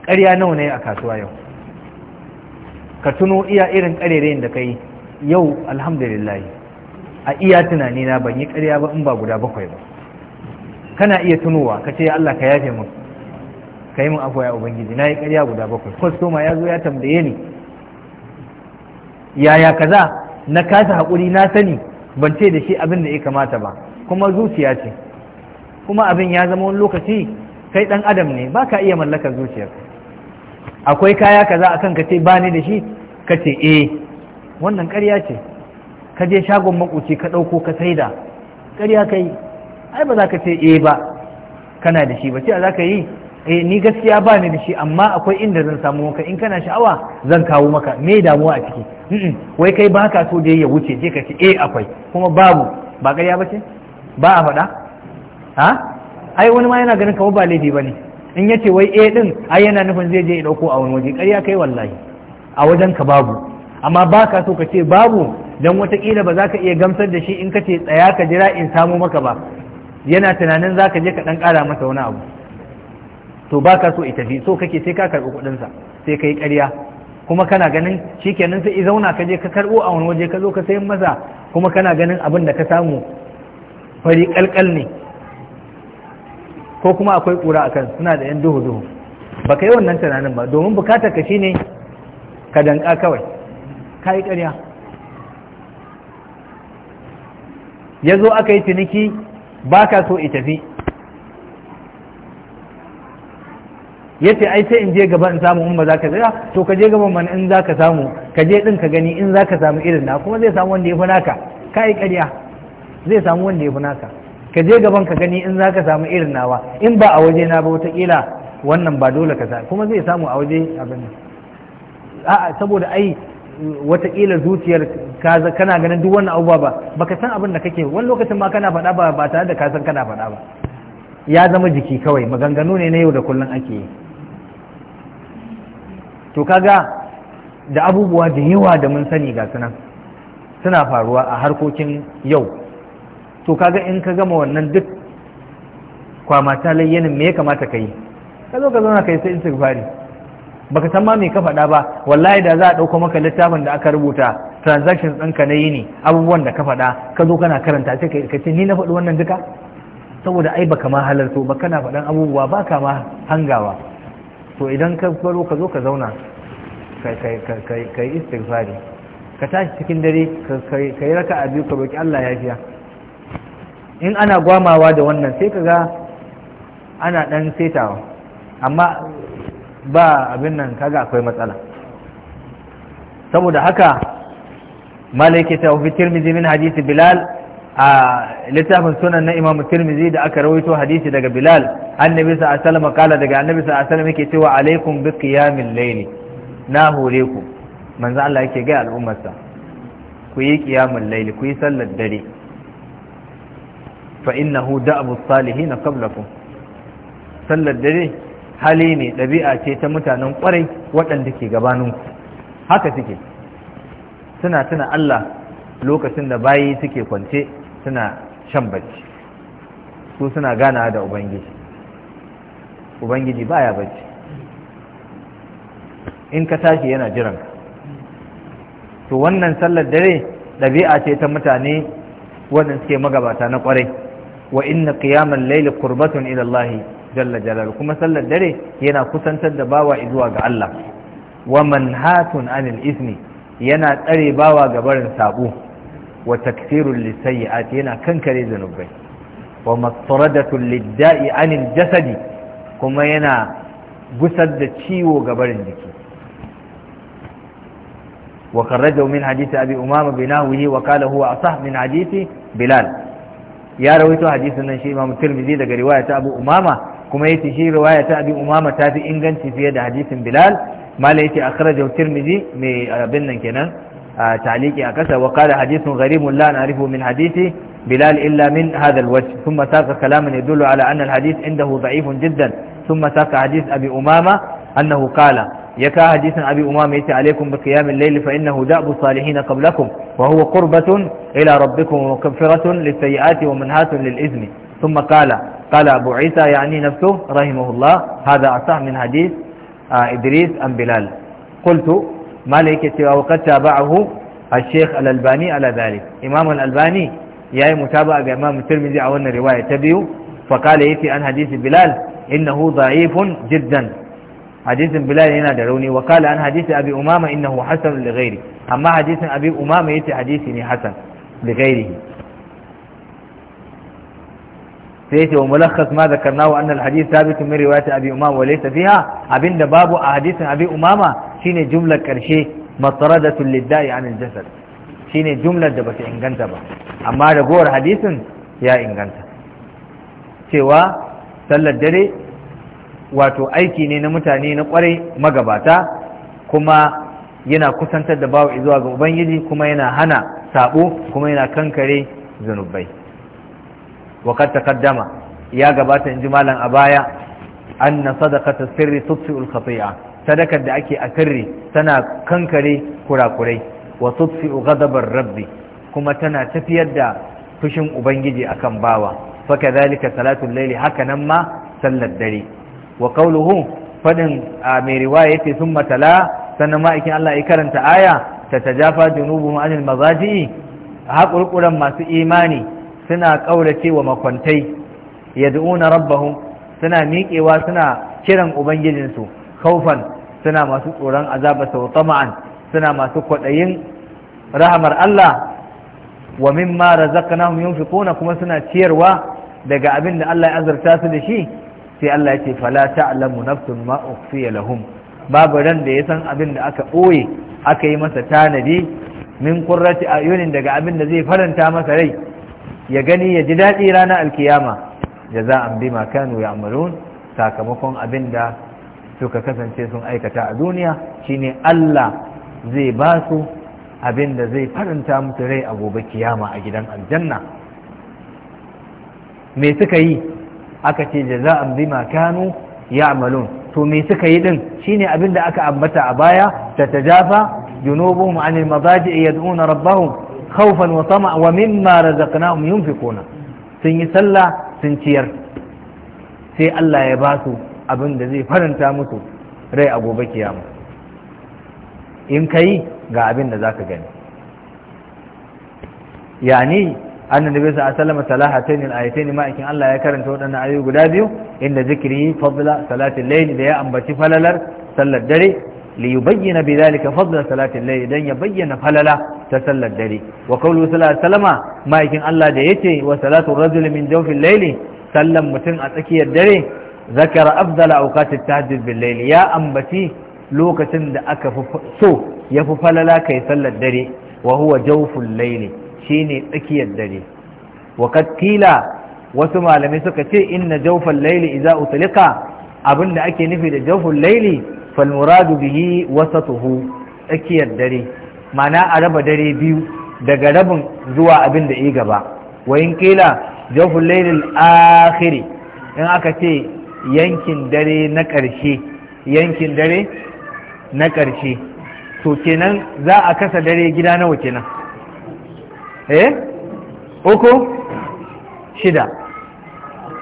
ƙarya nawa ne a kasuwa yau ka tuno iya irin ƙarerayin da ka yi yau alhamdulillah a iya tunani na ban yi ƙarya ba in ba guda bakwai ba kana iya tunowa ka ce Allah ka yafe min ka yi min afuwa ya ubangiji na yi ƙarya guda bakwai kwastoma ya zo ya tambaye ni yaya kaza na kasa haƙuri na sani ban ce da shi abin da ya kamata ba kuma zuciya ce kuma abin ya zama wani lokaci kai ɗan adam ne ba ka iya mallakar zuciyar akwai kaya ka a kan ka ce ba ni da shi ka ce eh wannan ƙarya ce ka je shagon makoci ka ɗauko ka saida ƙarya ka yi ai ba za ka ce eh ba kana da shi ba ce za ka yi eh ni gaskiya ba ni da shi amma akwai inda zan samu maka in kana sha'awa zan kawo maka me damuwa a ciki wai kai ba ka so da ya wuce je ka ce eh akwai kuma babu ba ƙarya ba ce ba a faɗa ha ai wani ma yana ganin kamar ba laifi ne. in ya ce wai eh din ai yana nufin zai je ya dauko a wani waje ƙarya kai wallahi a wajen ka babu amma baka so ka ce babu dan watakila ba za ka iya gamsar da shi in ka ce tsaya ka jira in samu maka ba yana tunanin za ka je ka dan ƙara masa wani abu to baka so ita tafi so kake sai ka karɓi kuɗinsa sai ka yi ƙarya kuma kana ganin shikenan sai i zauna ka je ka karɓo a wani waje ka zo ka sayan masa kuma kana ganin abin da ka samu fari ƙalƙal ne ko kuma akwai kura a kan suna da yan duhu duhu ba ka yi wannan tunanin ba domin bukatar ka shine ka danka kawai ka yi ƙarya ya zo aka yi ciniki ba ka so i tafi ya ce ai sai in je gaba in samu in ba za ka tsaya to ka je gaban mana in za ka samu ka je din ka gani in za ka samu irin na kuma zai samu wanda ya fi naka ka yi ƙarya zai samu wanda ya fi naka ka je gaban ka gani in za ka samu irin nawa in ba a waje na ba watakila wannan ba dole ka sa kuma zai samu a waje abin a'a saboda ai watakila zuciyar kana ganin duk wannan abubuwa ba baka san abin da kake wani lokacin ma kana faɗa ba ba tare da ka san kana faɗa ba ya zama jiki kawai maganganu ne na yau da kullum ake yi to kaga da abubuwa da yawa da mun sani ga sunan suna faruwa a harkokin yau to kaga in ka gama wannan duk kwama ta layyanin me ya kamata ka yi ka zo ka zauna ka yi sai istighfari baka san ma me ka faɗa ba wallahi da za a ɗauko maka littafin da aka rubuta transactions ɗinka na yi ne abubuwan da ka faɗa ka zo kana karanta sai ka ce ni na faɗi wannan duka saboda ai baka ma halarto ba kana faɗan abubuwa ba ka ma hangawa to idan ka baro ka zo ka zauna ka yi istighfari ka tashi cikin dare ka yi raka a biyu ka roƙi Allah ya fiya in ana gwamawa da wannan sai kaga ana ɗan setawa amma ba abin nan kaga akwai matsala saboda haka malaike ta fi tirmizi min hadisi bilal a littafin sunan na imamu tirmizi da aka rawaito hadisi daga bilal annabi sa asalama kala daga annabi sa asalama yake cewa alaikum bi qiyamil layli na hore ku manzo Allah yake ga al'ummarsa ku yi qiyamul layli ku yi sallar dare fa innahu da'abu salihin qablakum sallar dare hali ne ɗabi'a ce ta mutanen ƙwarai waɗanda ke gabaninku haka suke suna tuna Allah lokacin da bayi suke kwance suna shan bacci su suna gana da ubangiji ubangiji baya bacci in ka tashi yana jiran to wannan sallar dare ɗabi'a ce ta mutane waɗanda suke magabata na ƙwarai wa inna qiyamal layli qurbatun ila Allah jalla kuma sallar dare yana kusantar da bawa zuwa ga Allah wa manhatun anil ismi yana tsare bawa ga barin sabo wa takfirul lisayyi'at yana kankare zanubai wa maqtaradatun lidda'i anil jasadi kuma yana gusar da ciwo ga barin jiki wa kharrajahu min hadisi abi umama binahu wa qala huwa asah min hadisi bilal ya rawaito hadisin nan shi imamu tirmidhi daga riwaya ta abu umama kuma yace shi riwaya ta abu umama ta fi inganci fiye da hadisin bilal mala yace akhrajahu tirmidhi mai abin nan kenan a taliki a kasa wa qala hadithun gharibun la na'rifu min hadisi bilal illa min hadha alwajh thumma saqa kalaman yadullu ala anna alhadith indahu da'ifun jiddan thumma saqa hadith abi umama annahu qala يكا حديث أبي أمام عليكم بقيام الليل فإنه دأب الصالحين قبلكم وهو قربة إلى ربكم وكفرة للسيئات ومنهات للإذن ثم قال قال أبو عيسى يعني نفسه رحمه الله هذا أصح من حديث آه، إدريس أم بلال قلت مالك وقد تابعه الشيخ الألباني على ذلك إمام الألباني يأي متابعة بإمام الترمذي أو أن الرواية تبيه فقال يتي عن حديث بلال إنه ضعيف جداً hadisin bilal yana da rauni wa an hadisi abi umama innahu hasan li ghairi amma hadisin abi umama yace hadisi ne hasan li ghairihi sai yace wa mulakhas ma dhakarnahu anna al hadith thabit min riwayat abi umama wa laysa fiha abinda babu a hadisin abi umama shine jumlar karshe matsaradatu lidda'i an al jasad shine jumlar da bata inganta ba amma ragowar hadisin ya inganta cewa sallar dare wato aiki ne na mutane na kwarai magabata kuma yana kusantar da bawa izuwa ga ubangiji kuma yana hana sabo kuma yana kankare zunubai wakar takaddama ya gabata in ji malam a baya anna sadaqata sirri tutfi'ul khati'a sadakar da ake a sirri tana kan kankare kurakurai wa tutfi'u ghadabar rabbi kuma tana tafiyar da fushin ubangiji akan bawa fa kadhalika salatul laili hakanan ma sallar dare wa qawluhu fadin a mai riwaya yace sun matala sannan ma'aikin Allah ya karanta aya ta tajafa junubuhum anil mazaji haƙurƙuran masu imani suna ƙaurace wa makwantai yad'una rabbahu suna miƙewa suna kiran ubangijinsu kaufan suna masu tsoron azaba sau tama'an suna masu kwaɗayin rahamar Allah wa mimma razaqnahum yunfiquna kuma suna ciyarwa daga abin da Allah ya azurta su da shi sai Allah ya ce fala ta'lamu nafsun ma ukhfiya lahum babu ran da ya san abin da aka boye aka yi masa tanadi min qurrati ayunin daga abin da zai faranta masa rai ya gani ya ji daɗi ranar alkiyama jaza'an bima kanu ya'malun sakamakon abin da suka kasance sun aikata a duniya shine Allah zai ba su abin da zai faranta musu rai a gobe kiyama a gidan aljanna me suka yi aka ce jaza'an bima kanu ya'malun to me suka yi din shine abin da aka ambata a baya tatajafa junubuhum anil madaji'i yad'una rabbahum khawfan wa tama'a wa mimma razaqnahum yunfiquna sun yi sallah sun ciyar sai Allah ya ba su abin da zai faranta musu rai a gobe kiyama in kai ga abin da zaka gani yani annan nabi sallallahu alaihi wasallam salahatayn al-ayatayn ma'akin Allah ya karanta waɗannan ayoyi guda biyu inda zikri fadla salatil layl da ya ambaci falalar sallar dare li yubayyana bidhalika fadla salatil layl dan ya bayyana falala ta sallar dare wa qawlu sallallahu alaihi wasallam ma'akin Allah da yace wa salatu rajul min jawfil layl sallan mutum a tsakiyar dare zakara afdala awqatit tahajjud bil layl ya ambaci lokacin da aka fi so ya fi falala kai sallar dare wa huwa jawful layl ne tsakiyar dare waqad wasu malamai suka ce inna jawfal layli idza utlika da ake nufi da Jaufan Laili, Falmuradu muradu bihi wasatuhu tsakiyar dare ma'ana a raba dare biyu daga rabin zuwa abin da yi gaba wa in Jaufan Laili layli akhiri in aka ce yankin dare na ƙarshe yankin dare na ƙarshe to kenan za a kasa dare gida nawa kenan eh uku shida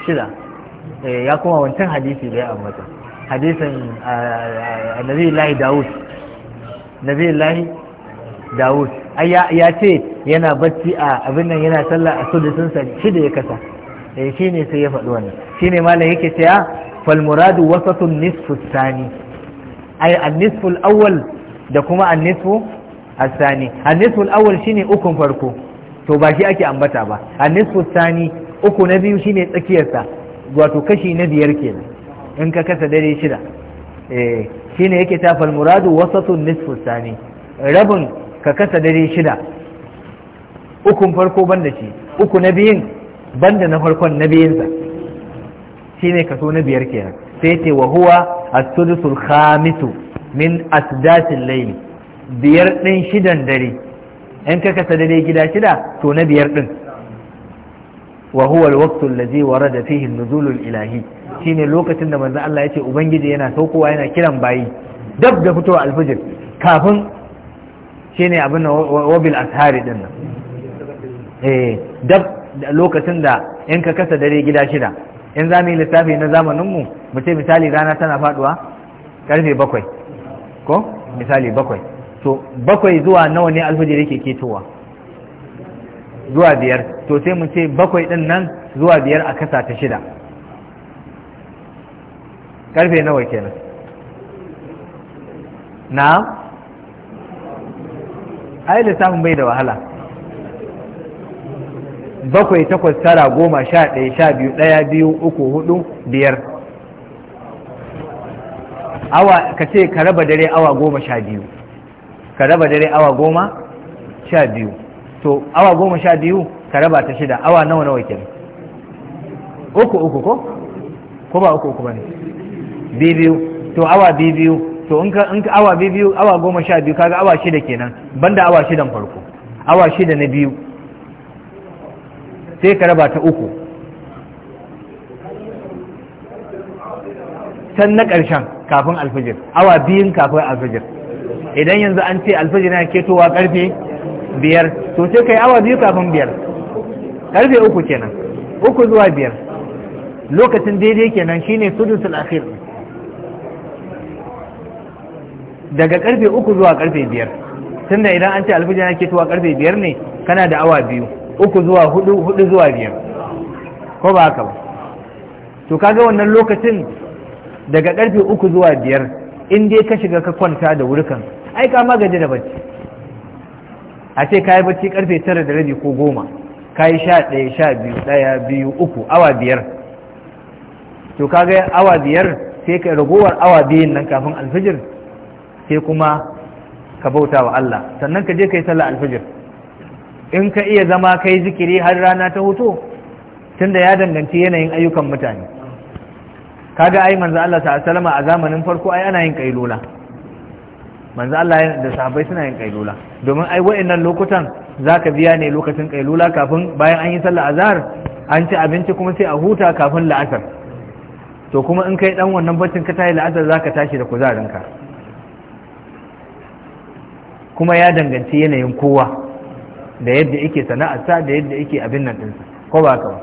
shida eh ya kuma wancan hadisi da ya ambata hadisin nabi lahi dawud nabi lahi dawud ya ce yana bacci a abin nan yana sallah a sudusun sa shida ya kasa eh ne sai ya faɗi Shi ne malam yake cewa Falmuradu wasu wasatun nisfu Sani. ai an-nisfu awal da kuma an-nisfu a Sani. الثاني النصف shi ne ukun farko. to ba shi ake ambata ba a nisfu sani uku na biyu shine tsakiyarsa wato kashi na biyar kenan in ka kasa dare shida shi eh, shine yake tafal muradu wasatun nisfu sani rabin ka kasa dare shida ukun farko banda shi uku na biyun banda na farkon na biyunsa shine kaso na biyar kenan sai ce wa huwa as-sudusul khamisu min asdasil layl biyar din shidan dare in ka kasa daidai gida shida to na biyar din wa huwa alwaqtu allazi warada fihi an-nuzul al-ilahi shine lokacin da manzo Allah yace ubangiji yana saukowa yana kiran bayi dab da fitowa alfijir kafin shine abin na wabil ashari din nan eh dab lokacin da in ka kasa dare gida shida in za mu yi lissafi na zamaninmu mu ce misali rana tana faduwa karfe bakwai ko misali bakwai to bakwai zuwa nawa ne alfajir yake ketowa zuwa biyar to sai mu ce bakwai din nan zuwa biyar a kasa ta shida karfe nawa kenan na ai lissafin bai da wahala bakwai takwas tara goma sha ɗaya sha biyu ɗaya biyu uku hudu biyar awa ka ce ka raba dare awa goma sha biyu ka raba dare awa goma sha biyu to awa goma sha biyu ka raba ta shida awa nawa nawa kenan uku uku ko ko ba uku uku ba ne biyu to awa biyu to in ka awa biyu awa goma sha biyu kaga awa shida kenan banda awa shidan farko awa shida na biyu sai ka raba ta uku can na ƙarshen kafin alfijir awa biyun kafin alfijir idan yanzu an ce alfajir yana ketowa karfe biyar to sai kai awa biyu kafin biyar karfe uku kenan uku zuwa biyar lokacin daidai kenan shine sudusul akhir daga karfe uku zuwa karfe biyar tunda idan an ce alfajir yana ketowa karfe biyar ne kana da awa biyu uku zuwa hudu hudu zuwa biyar ko ba haka ba to kaga wannan lokacin daga karfe uku zuwa biyar in dai ka shiga ka kwanta da wurkan ai ka magaji da bacci a ce ka yi bacci karfe tara da rabi ko goma ka yi sha ɗaya sha biyu ɗaya biyu uku awa biyar to ka ga awa biyar sai ka ragowar awa biyun nan kafin alfijir sai kuma ka bauta wa Allah sannan ka je ka yi sallah alfijir in ka iya zama kai zikiri har rana ta hoto tunda ya danganci yanayin ayyukan mutane kaga ai manzo Allah ta a zamanin farko ai ana yin kailola manzo Allah da sahabbai suna yin kailula domin ai wa'annan lokutan zaka biya ne lokacin kailula kafin bayan an yi sallah azhar an ci abinci kuma sai a huta kafin la'asar to kuma in kai dan wannan baccin ka tayi la'asar zaka tashi da kuzarinka kuma ya danganci yanayin kowa da yadda yake sana'arsa da yadda yake abin nan din ko ba ka ba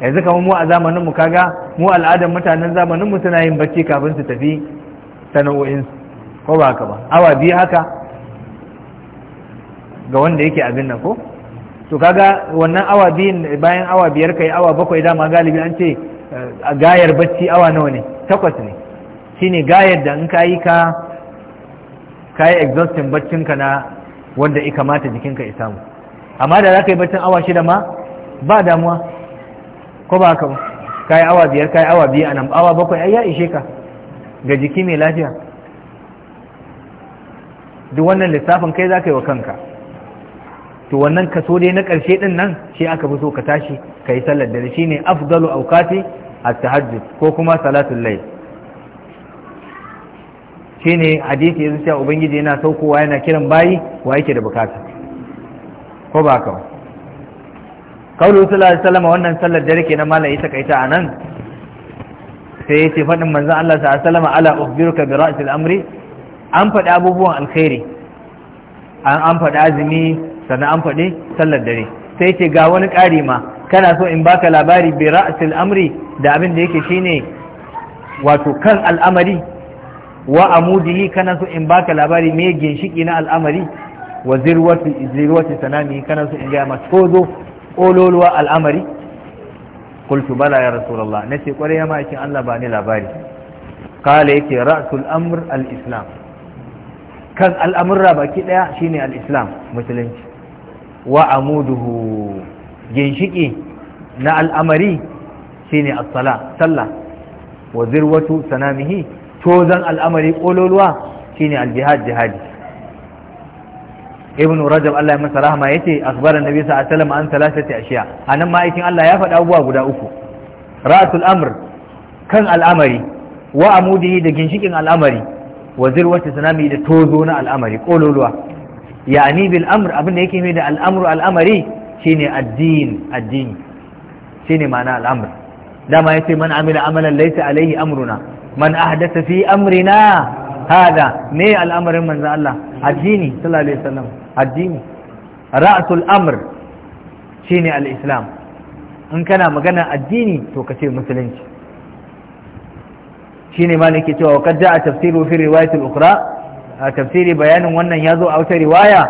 yanzu kamar mu a zamaninmu kaga mu al'adar mutanen mu suna yin bacci kafin su tafi sana'o'insu ko ba haka ba awa biyu haka ga wanda yake abin nan ko to kaga wannan awa biyun bayan awa biyar kai awa bakwai dama galibi an ce eh, a gayar bacci awa nawa ne takwas ne shine gayar da in kayi ka kayi exhausting baccinka na wanda ya kamata jikinka ya samu amma da za ka yi baccin awa shida ma ba damuwa ko ba haka ba kayi awa biyar kayi awa biyu a nan awa bakwai ai ya ishe ka ga jiki mai lafiya duk wannan lissafin kai za ka yi wa kanka to wannan kaso dai na ƙarshe ɗin nan shi aka fi so ka tashi ka yi sallar dare shi ne afdalu aukati a tahajjud ko kuma salatun lai shi ne hadisi yanzu cewa ubangiji yana saukowa yana kiran bayi wa yake da bukata ko ba ka kaulu sallallahu alaihi wasallam wannan sallar dare kenan malai ita kaita nan? sai ya ce faɗin manzon Allah sallallahu alaihi wasallam ala ukhbiruka bi ra'sil amri an faɗi abubuwan alkhairi an faɗi azumi sannan an faɗi sallar dare sai ce ga wani ƙari ma kana so in baka labari bi ra'asul amri da abin da yake shine wato kan al'amari wa amudihi kana so in baka labari me ginshiki na al'amari wa zirwatu zirwatu sanami kana so in ga ma tozo kololuwa al'amari qultu bala ya rasulullah nace kware ya ma Allah ba ni labari kala yake ra'asul amr al kan al'amurra baki ɗaya shine al'islam musulunci wa amuduhu ginshiki na al'amari shine as-sala sallah wa zirwatu sanamihi tozan al'amari kololuwa shine al-jihad jihadi ibn rajab Allah ya masa rahama ce akhbara nabi sallallahu alaihi wasallam an thalathati ashiya anan ma aikin Allah ya faɗa abubuwa guda uku ra'atul amr kan al'amari wa amudihi da ginshikin al'amari wazir zirwata tsunami da tozo na al'amari kololuwa yani bil amr abin da yake mai da al'amru al'amari shine addin addini shine ma'ana al'amr dama yace man amila amalan laysa alaihi amruna man ahdatha fi amrina hada me al'amarin manzo Allah addini sallallahu alaihi wasallam addini ra'sul amr shine al-islam in kana magana addini to kace musulunci shine nake cewa kad ja'a tafsiru fi riwayat al-ukhra a tafsiri bayanin wannan yazo a wata riwaya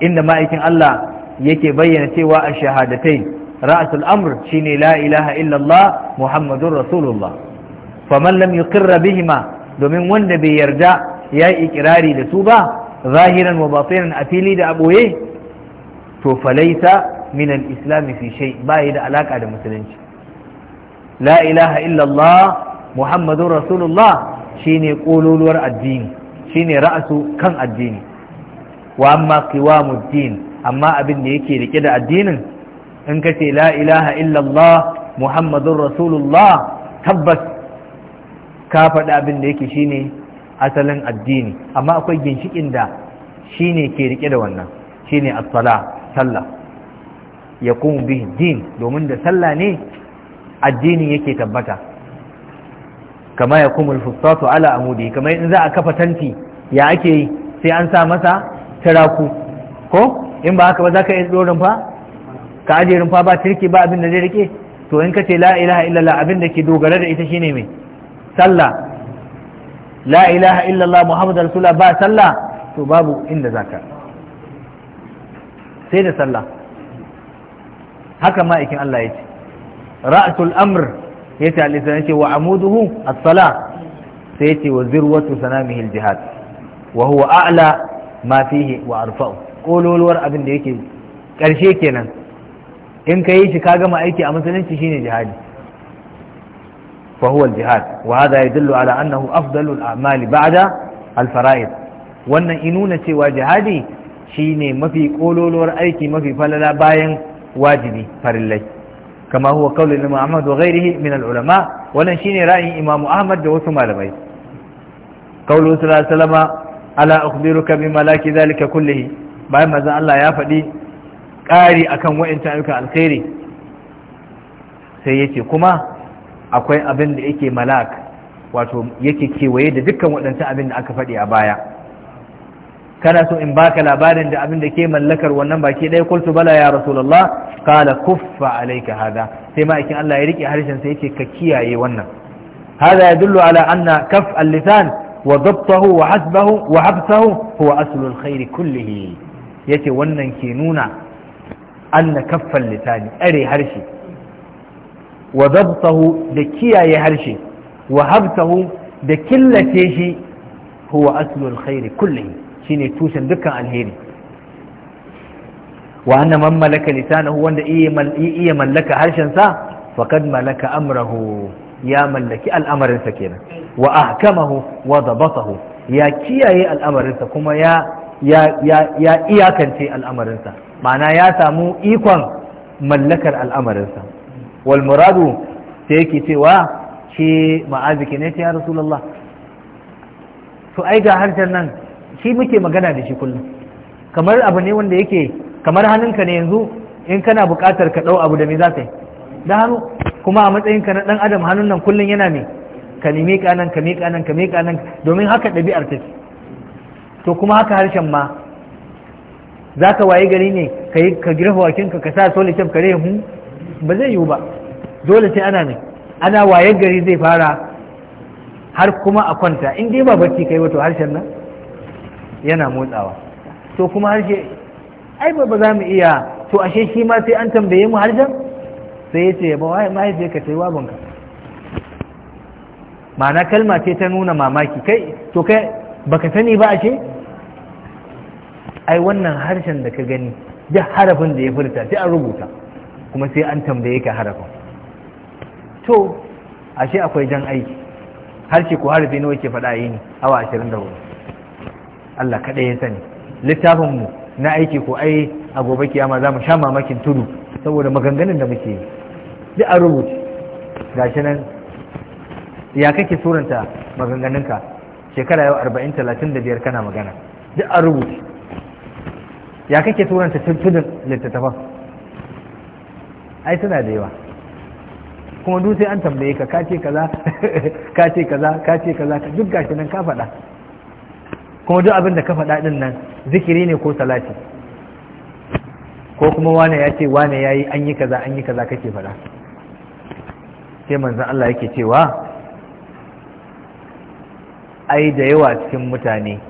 inda ma'aikin Allah yake bayyana cewa a shahadatai ra'sul amr shine la ilaha illa Allah muhammadur rasulullah faman lam yuqirra bihima domin wanda bai yarda yayi ikirari da su ba zahiran wa batinan a fili da aboye to falaisa من ba في da alaƙa da musulunci. La ilaha illa Allah. muhammadun rasulullah shine kololuwar addini shine ra'asu kan addini wa amma qiwamuddin amma abin da yake rike da addinin in ka ce la ilaha illallah muhammadun rasulullah tabbas ka faɗi abin da yake shine asalin addini amma akwai ginshikin da shine ke rike da wannan shine as-sala sallah ya bihi din domin da sallah ne addinin yake tabbata kama ya kumul fustatu ala amudi kama in za a kafa tanti ya ake yi sai an sa masa taraku ko in ba haka ba za ka yi tsoron fa ka aje rumfa ba tirki ba abin da zai rike to in ka ce la ilaha illallah abin da ke dogara da ita shine mai sallah la ilaha illallah muhammad rasulullah ba sallah to babu inda zaka sai da sallah haka ma'aikin Allah ya ce ra'atul amr ya ce alisa ya ce wa amuduhu as-sala sai ya ce wa zirwatu sanamihil jihad wa huwa a'la ma fihi wa arfa'u kololuwar abin da yake karshe kenan in ka yi shi ka gama aiki a musulunci shine jihadi fa huwa al-jihad wa hadha yadullu ala annahu afdalul a'mali ba'da al-fara'id wannan inuna cewa jihadi shine mafi kololuwar aiki mafi falala bayan wajibi farillai kama huwa qaulul wa ghairihi min al-ulama wannan shine ra'ayin Imam Ahmad da wasu malamai qaulu sallallahu alaihi wasallam ala ukhbiruka bi malaki zalika kullihi bayan manzon Allah ya faɗi ƙari akan wa'inta ayyukan alkhairi sai yace kuma akwai abin da yake malak wato yake kewaye da dukkan waɗancan abin da aka faɗi a baya kana so in baka labarin da abin da ke mallakar wannan baki ɗaya kultu bala ya rasulullah qala kuffa alayka hada sai ma'aikin Allah ya rike harshen sai yake ka kiyaye wannan hada yadullu ala anna kaf al-lisan wa dabtahu wa hasbahu wa habsahu huwa aslu al-khair kullihi yace wannan ke nuna anna kaffa al-lisan are harshe wa dabtahu da kiyaye harshe wa habsahu da killace shi huwa aslu al-khair kullihi shine tushen dukkan alheri wa anna man malaka lisanahu wanda iya mallaka harshen sa faqad malaka amrahu ya mallaki al'amarinsa kenan wa ahkamahu wa dabatahu ya kiyaye al'amarinsa kuma ya ya ya iyakance al'amarinsa. ma'ana ya samu ikon mallakar al'amarinsa. Walmuradu wal muradu sai yake cewa shi ma'aziki ne ya rasulullah to ai ga harshen nan shi muke magana da shi kullum kamar abu ne wanda yake kamar hannunka ne yanzu in kana buƙatar ka ɗau abu da me za ka yi da hannu kuma a matsayinka na ɗan adam hannun nan kullum yana me ka nemi nan ka miƙa nan ka miƙa nan domin haka ɗabi'ar take to kuma haka harshen ma za ka waye gari ne ka yi ka girfa wakinka ka sa solitem ka rehu ba zai yiwu ba dole sai ana ne ana waye gari zai fara har kuma a kwanta in dai ba bacci kai wato harshen nan yana motsawa to kuma harshe ai ba za mu iya to ashe shi ma sai an tambaye mu harjan? sai ya ce ba wai mahaifiyarka ce ka. ma'ana kalma ce ta nuna mamaki kai to kai baka sani ba ashe ai wannan harshen da ka gani duk harafin da ya furta sai an rubuta kuma sai an tambaye ka harafin to ashe akwai jan aiki harshe ko harafi nawa ke faɗa yi ne awa 24 Allah kaɗai ya sani littafin mu. na aiki ko ai a gobe kiyama za mu sha mamakin tudu saboda maganganun da muke yi duk a rubuce shi nan ya kake suranta maganganunka shekara yau arba'in talatin da biyar kana magana duk a rubuce ya kake turanta tudun littattafan ai suna da yawa kuma duk sai an tambaye ka kace kaza kace kaza kace kaza duk gashi nan ka faɗa kuma duk abin da ka faɗa ɗin nan zikiri ne ko salati ko kuma wane ya ce wane ya yi an yi kaza an yi kaza kake faɗa sai manzan Allah yake cewa ai da yawa cikin mutane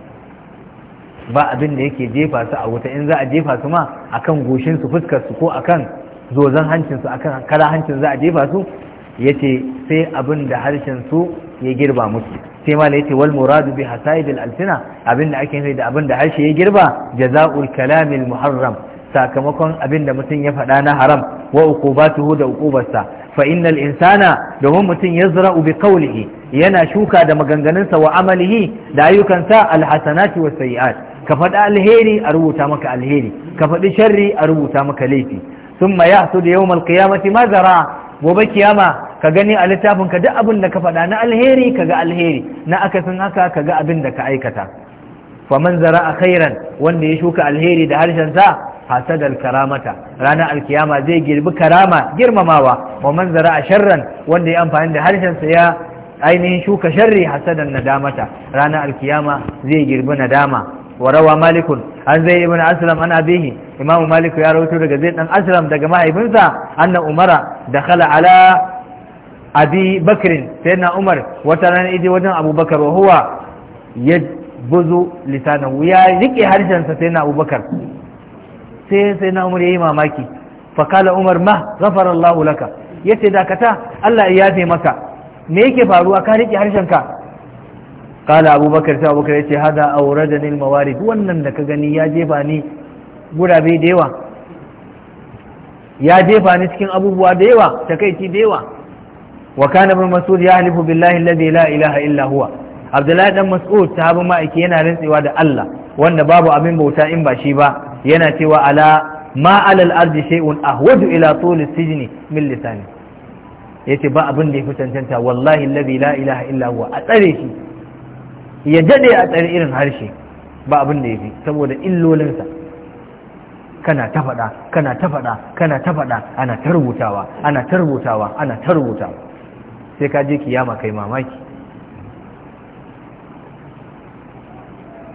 ba abin da yake jefa su a wuta in za a jefa su ma akan goshin su fuskar su ko akan zozan hancin su akan kara hancin za a jefa su yace sai abin da harshen su ya girba musu sai ya yace wal muradu bi hasaidil alsina abin da ake nufi da abin da harshe ya girba jazaul kalamil muharram sakamakon abin da mutum ya faɗa na haram wa uqubatuhu da uqubarsa fa innal insana domin mutum yazra'u bi qawlihi yana shuka da maganganunsa wa amalihi da ayyukansa alhasanati was sayiat ka faɗi alheri a rubuta maka alheri ka faɗi sharri a rubuta maka laifi thumma yahsud yawm alqiyamati ma mazara. gobe kiyama ka gani a littafin ka duk abin da ka faɗa na alheri kaga alheri na akasin haka ka ga abin da ka aikata zara a khairan wanda ya shuka alheri da harshen sa hasadal karamata ranar alkiyama zai girbi karama girmamawa wa man a sharran wanda ya amfani da harshen sa ya ainihin shuka sharri hasadan nadamata ranar alkiyama zai girbi nadama وروى مالك عن زي بن أسلم عن أبيه إمام مالك يا رويته لقزيت أن أسلم دقماء ابنسا أن أمر دخل على أبي بكر سيدنا عمر وتران إيدي وجه أبو بكر وهو يجبز لسانه ويا ذكي حرشا سيدنا أبو بكر سيدنا عمر يا إماماكي فقال عمر ما غفر الله لك yace dakata Allah ya yafe maka me yake faruwa ka rike harshenka kala abubakar sai abubakar ya ce hada auradani almawarid wannan da ka gani ya jefa ni gurabe da yawa ya jefa ni cikin abubuwa da yawa takaici da yawa wa kana ibn mas'ud ya halifu billahi alladhi la ilaha abdullahi dan mas'ud sahabin ma'aiki yana rantsewa da Allah wanda babu abin bauta in ba shi ba yana cewa ala ma alal ardi shay'un ahwadu ila tuli sijni min lisani yace ba abin da ya fi cancanta wallahi alladhi la ilaha a tsare shi ya dade a tsare irin harshe ba abin da ya fi saboda illolinsa kana ta faɗa kana ta faɗa kana ta faɗa ana ta rubutawa ana ta rubutawa ana ta rubutawa sai ka je kiyama kai mamaki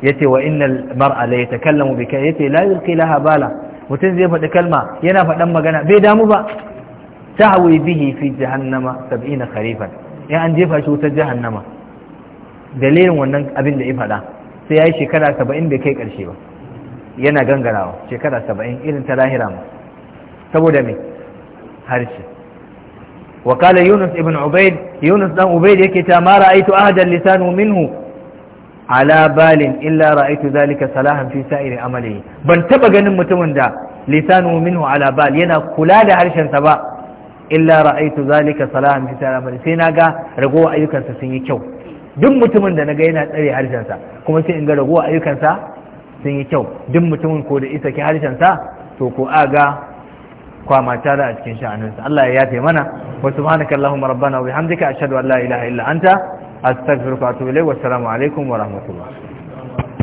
yace wa innal mar'a la yatakallamu bika yace la yulqi laha bala mutum zai faɗi kalma yana faɗan magana bai damu ba ta tahwi bihi fi jahannama 70 kharifan ya an jefa shi wutar jahannama dalilin wannan abin da ya faɗa sai ya yi shekara saba'in bai kai ƙarshe ba yana gangarawa shekara saba'in irin ta lahira ma saboda mai harshe wakala yunus ibn ubaid yunus dan ubaid yake ta ma ra'aitu ahadan lisanu minhu ala balin illa ra'aitu zalika salahan fi sa'iri amalihi ban taba ganin mutumin da lisanu minhu ala bal yana kula da harshen sa ba illa ra'aitu zalika salahan fi sa'iri amalihi sai na naga ragowa ayyukansa sun yi kyau duk mutumin da na ga yana tsare harshensa kuma sai in ga raguwa ayyukansa sun yi kyau duk mutumin ko da isa ke harshensa to ko a ga kwama tara a cikin sha'aninsa Allah ya yafe mana wa subhanaka allahumma rabbana wa bihamdika ashhadu an la ilaha illa anta astaghfiruka wa atubu ilayk wa assalamu alaikum wa rahmatullah